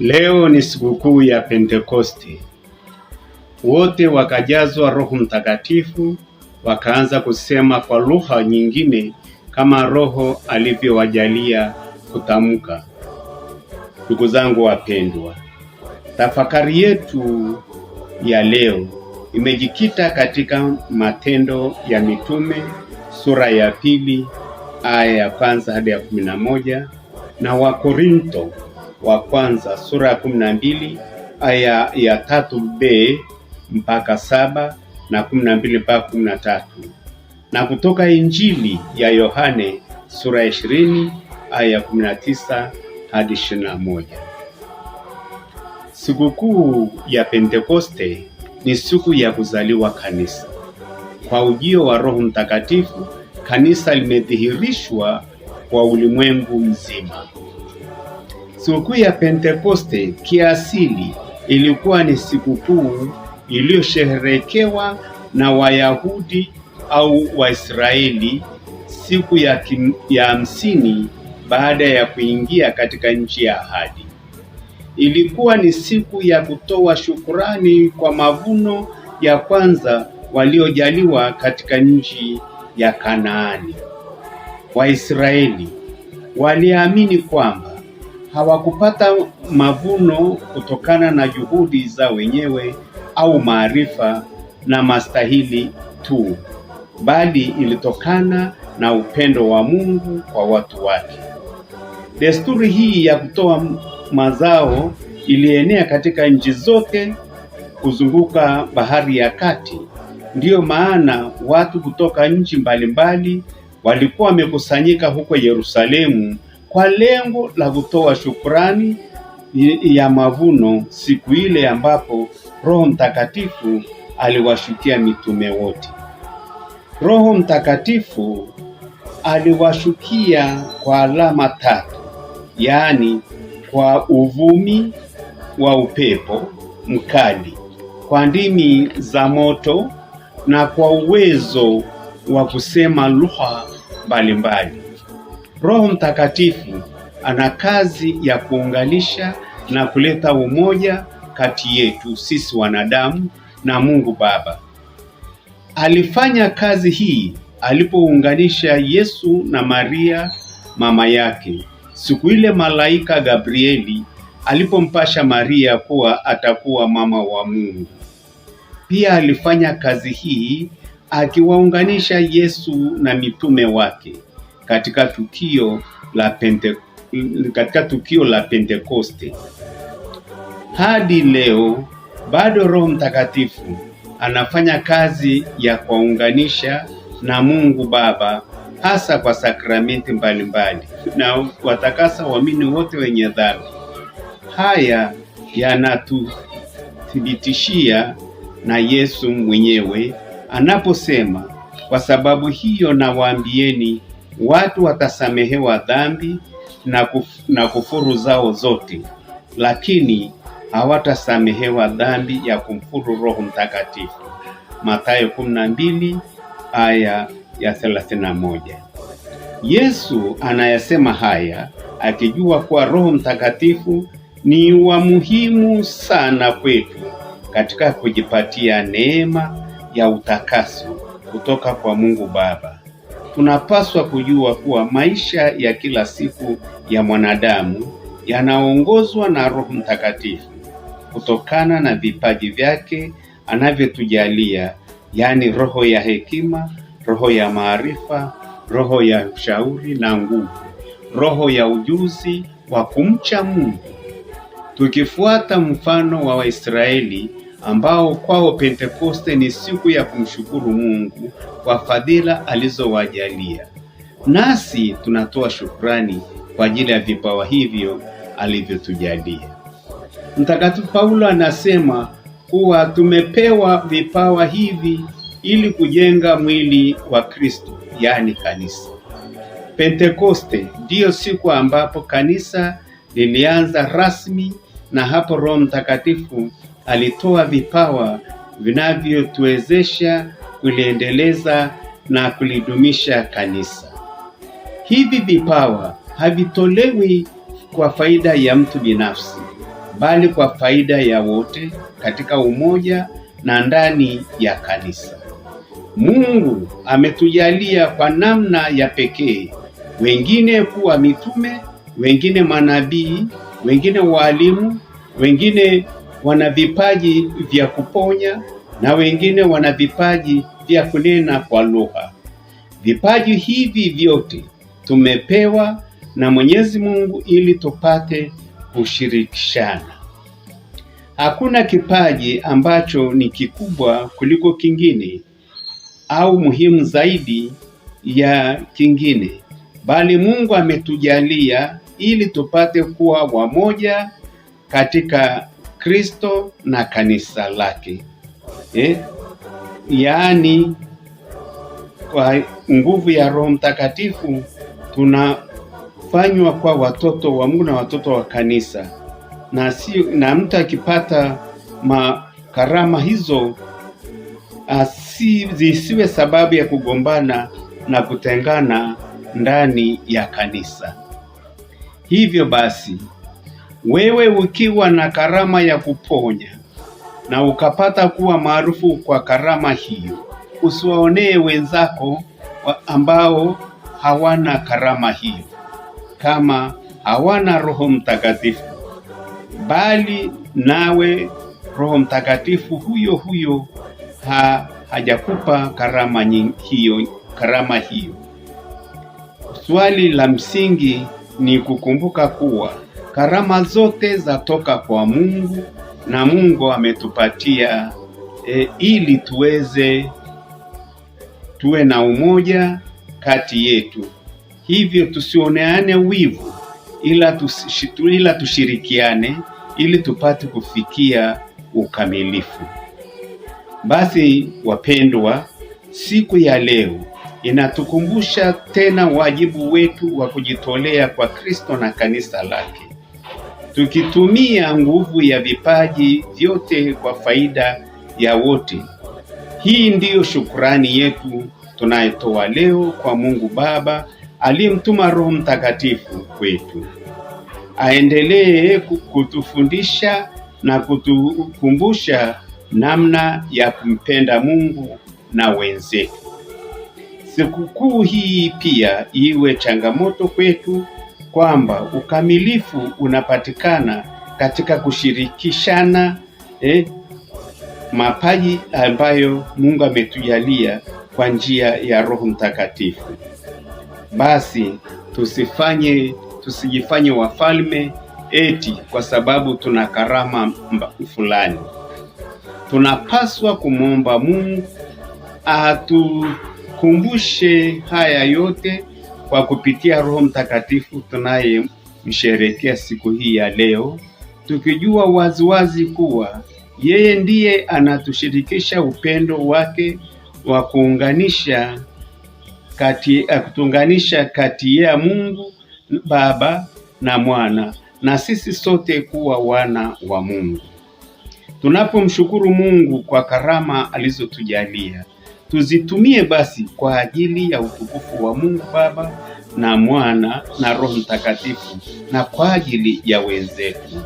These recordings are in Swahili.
Leo ni sikukuu ya Pentekoste. Wote wakajazwa Roho Mtakatifu, wakaanza kusema kwa lugha nyingine kama Roho alivyowajalia kutamka. Ndugu zangu wapendwa, tafakari yetu ya leo imejikita katika Matendo ya Mitume sura ya pili aya ya kwanza hadi ya kumi na moja na Wakorinto wa kwanza sura ya kumi na mbili aya ya tatu b mpaka saba na kumi na mbili mpaka kumi na tatu na kutoka Injili ya Yohane sura ya ishirini aya ya kumi na tisa hadi ishirini na moja. Sikukuu ya Pentekoste ni siku ya kuzaliwa kanisa. Kwa ujio wa Roho Mtakatifu, kanisa limedhihirishwa kwa ulimwengu mzima. Sikukuu ya Pentekoste kiasili ilikuwa ni sikukuu iliyosherekewa na Wayahudi au Waisraeli siku ya, kim, ya hamsini baada ya kuingia katika nchi ya ahadi. Ilikuwa ni siku ya kutoa shukurani kwa mavuno ya kwanza waliojaliwa katika nchi ya Kanaani. Waisraeli waliamini kwamba hawakupata mavuno kutokana na juhudi za wenyewe au maarifa na mastahili tu, bali ilitokana na upendo wa Mungu kwa watu wake. Desturi hii ya kutoa mazao ilienea katika nchi zote kuzunguka Bahari ya Kati. Ndiyo maana watu kutoka nchi mbalimbali walikuwa wamekusanyika huko Yerusalemu kwa lengo la kutoa shukrani ya mavuno siku ile ambapo Roho Mtakatifu aliwashukia mitume wote. Roho Mtakatifu aliwashukia kwa alama tatu, yaani kwa uvumi wa upepo mkali, kwa ndimi za moto na kwa uwezo wa kusema lugha mbalimbali. Roho Mtakatifu ana kazi ya kuunganisha na kuleta umoja kati yetu sisi wanadamu na Mungu Baba. Alifanya kazi hii alipounganisha Yesu na Maria mama yake. Siku ile malaika Gabrieli alipompasha Maria kuwa atakuwa mama wa Mungu. Pia alifanya kazi hii akiwaunganisha Yesu na mitume wake katika tukio la Pente, katika tukio la Pentekoste. Hadi leo bado Roho Mtakatifu anafanya kazi ya kuwaunganisha na Mungu Baba hasa kwa sakramenti mbalimbali na watakasa waamini wote wenye dhambi. Haya yanatuthibitishia na Yesu mwenyewe anaposema, kwa sababu hiyo nawaambieni watu watasamehewa dhambi na, kuf, na kufuru zao zote, lakini hawatasamehewa dhambi ya kumfuru Roho Mtakatifu. Mathayo 12 aya ya 31. Yesu anayasema haya akijua kuwa Roho Mtakatifu ni wa muhimu sana kwetu katika kujipatia neema ya utakaso kutoka kwa Mungu Baba tunapaswa kujua kuwa maisha ya kila siku ya mwanadamu yanaongozwa na Roho Mtakatifu kutokana na vipaji vyake anavyotujalia, yaani roho ya hekima, roho ya maarifa, roho ya ushauri na nguvu, roho ya ujuzi wa kumcha Mungu. Tukifuata mfano wa Waisraeli ambao kwao Pentekoste ni siku ya kumshukuru Mungu kwa fadhila alizowajalia. Nasi tunatoa shukrani kwa ajili ya vipawa hivyo alivyotujalia. Mtakatifu Paulo anasema kuwa tumepewa vipawa hivi ili kujenga mwili wa Kristo, yaani kanisa. Pentekoste ndiyo siku ambapo kanisa lilianza rasmi na hapo Roho Mtakatifu alitoa vipawa vinavyotuwezesha kuliendeleza na kulidumisha kanisa. Hivi vipawa havitolewi kwa faida ya mtu binafsi, bali kwa faida ya wote katika umoja na ndani ya kanisa. Mungu ametujalia kwa namna ya pekee, wengine kuwa mitume, wengine manabii, wengine walimu, wengine wana vipaji vya kuponya na wengine wana vipaji vya kunena kwa lugha. Vipaji hivi vyote tumepewa na Mwenyezi Mungu ili tupate kushirikishana. Hakuna kipaji ambacho ni kikubwa kuliko kingine au muhimu zaidi ya kingine, bali Mungu ametujalia ili tupate kuwa wamoja katika Kristo na kanisa lake eh? Yaani, kwa nguvu ya Roho Mtakatifu tunafanywa kwa watoto wa Mungu na watoto wa kanisa, na si na mtu akipata makarama hizo asi, zisiwe sababu ya kugombana na kutengana ndani ya kanisa. Hivyo basi wewe ukiwa na karama ya kuponya na ukapata kuwa maarufu kwa karama hiyo, usiwaonee wenzako ambao hawana karama hiyo kama hawana Roho Mtakatifu, bali nawe Roho Mtakatifu huyo huyo ha, hajakupa karama hiyo, karama hiyo. Swali la msingi ni kukumbuka kuwa Karama zote zatoka kwa Mungu na Mungu ametupatia e, ili tuweze tuwe na umoja kati yetu, hivyo tusioneane wivu, ila, tush, ila tushirikiane ili tupate kufikia ukamilifu. Basi wapendwa, siku ya leo inatukumbusha tena wajibu wetu wa kujitolea kwa Kristo na kanisa lake tukitumia nguvu ya vipaji vyote kwa faida ya wote. Hii ndiyo shukurani yetu tunayotoa leo kwa Mungu Baba aliyemtuma Roho Mtakatifu kwetu. Aendelee kutufundisha na kutukumbusha namna ya kumpenda Mungu na wenzetu. Sikukuu hii pia iwe changamoto kwetu kwamba ukamilifu unapatikana katika kushirikishana eh, mapaji ambayo Mungu ametujalia kwa njia ya Roho Mtakatifu. Basi tusifanye tusijifanye wafalme eti kwa sababu tuna karama fulani. Tunapaswa kumwomba Mungu atukumbushe haya yote kwa kupitia Roho Mtakatifu tunayemsherekea siku hii ya leo, tukijua waziwazi kuwa yeye ndiye anatushirikisha upendo wake wa kuunganisha kati, eh, kutunganisha kati ya Mungu Baba na Mwana na sisi sote kuwa wana wa Mungu. Tunapomshukuru Mungu kwa karama alizotujalia tuzitumie basi kwa ajili ya utukufu wa Mungu Baba na Mwana na Roho Mtakatifu na kwa ajili ya wenzetu.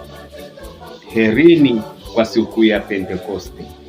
Herini kwa siku ya Pentekoste.